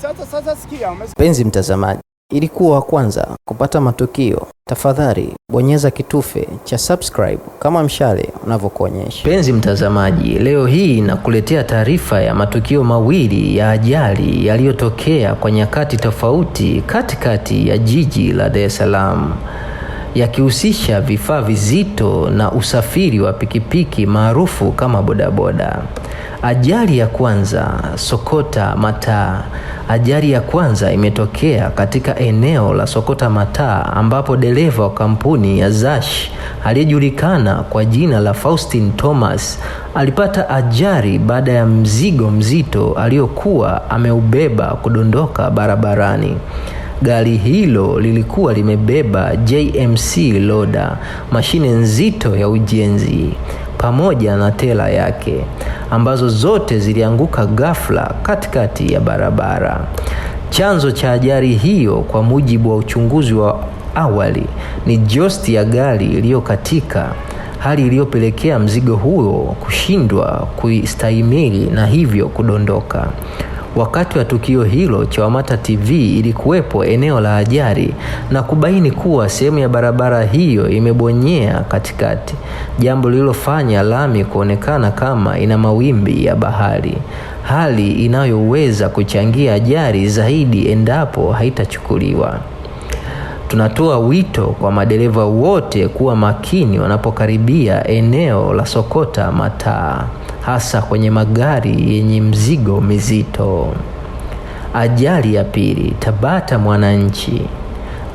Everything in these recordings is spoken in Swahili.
Sasa, sasa sikia. Mpenzi mtazamaji, ili kuwa wa kwanza kupata matukio, tafadhali bonyeza kitufe cha subscribe kama mshale unavyokuonyesha. Mpenzi mtazamaji, leo hii nakuletea taarifa ya matukio mawili ya ajali yaliyotokea kwa nyakati tofauti katikati ya jiji la Dar es Salaam yakihusisha vifaa vizito na usafiri wa pikipiki maarufu kama bodaboda. Ajali ya kwanza Sokota Mataa. Ajali ya kwanza imetokea katika eneo la Sokota Mataa, ambapo dereva wa kampuni ya Zash aliyejulikana kwa jina la Faustin Thomas alipata ajali baada ya mzigo mzito aliyokuwa ameubeba kudondoka barabarani. Gari hilo lilikuwa limebeba JMC Loda, mashine nzito ya ujenzi pamoja na tela yake ambazo zote zilianguka ghafla katikati ya barabara. Chanzo cha ajali hiyo kwa mujibu wa uchunguzi wa awali ni josti ya gari iliyokatika, hali iliyopelekea mzigo huo kushindwa kuistahimili na hivyo kudondoka. Wakati wa tukio hilo, Chawamata TV ilikuwepo eneo la ajali na kubaini kuwa sehemu ya barabara hiyo imebonyea katikati, jambo lililofanya lami kuonekana kama ina mawimbi ya bahari, hali inayoweza kuchangia ajali zaidi endapo haitachukuliwa. Tunatoa wito kwa madereva wote kuwa makini wanapokaribia eneo la Sokota Mataa hasa kwenye magari yenye mzigo mizito. Ajali ya pili, Tabata Mwananchi.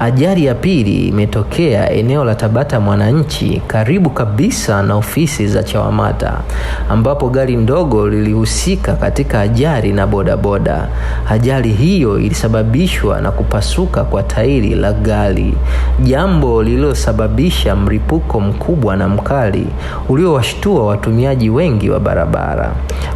Ajali ya pili imetokea eneo la Tabata Mwananchi, karibu kabisa na ofisi za Chawamata, ambapo gari ndogo lilihusika katika ajali na bodaboda. Ajali hiyo ilisababishwa na kupasuka kwa tairi la gari, jambo lililosababisha mlipuko mkubwa na mkali uliowashtua watumiaji wengi wa barabara.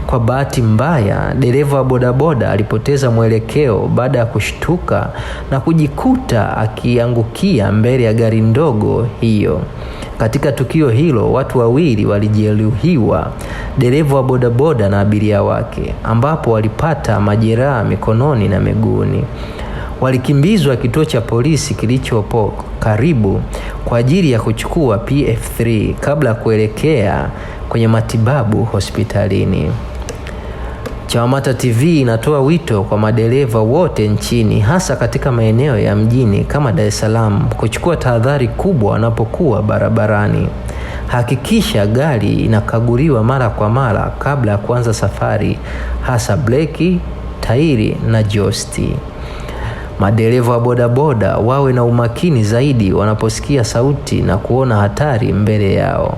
Kwa bahati mbaya, dereva wa bodaboda alipoteza mwelekeo baada ya kushtuka na kujikuta akiangukia mbele ya gari ndogo hiyo. Katika tukio hilo, watu wawili walijeruhiwa, dereva wa bodaboda na abiria wake, ambapo walipata majeraha mikononi na miguuni. Walikimbizwa kituo cha polisi kilichopo karibu kwa ajili ya kuchukua PF3 kabla ya kuelekea kwenye matibabu hospitalini. CHAWAMATA TV inatoa wito kwa madereva wote nchini hasa katika maeneo ya mjini kama Dar es Salaam kuchukua tahadhari kubwa wanapokuwa barabarani. Hakikisha gari inakaguliwa mara kwa mara kabla ya kuanza safari, hasa breki, tairi na josti. Madereva wa bodaboda wawe na umakini zaidi wanaposikia sauti na kuona hatari mbele yao.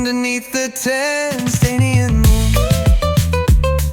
underneath the tent, standing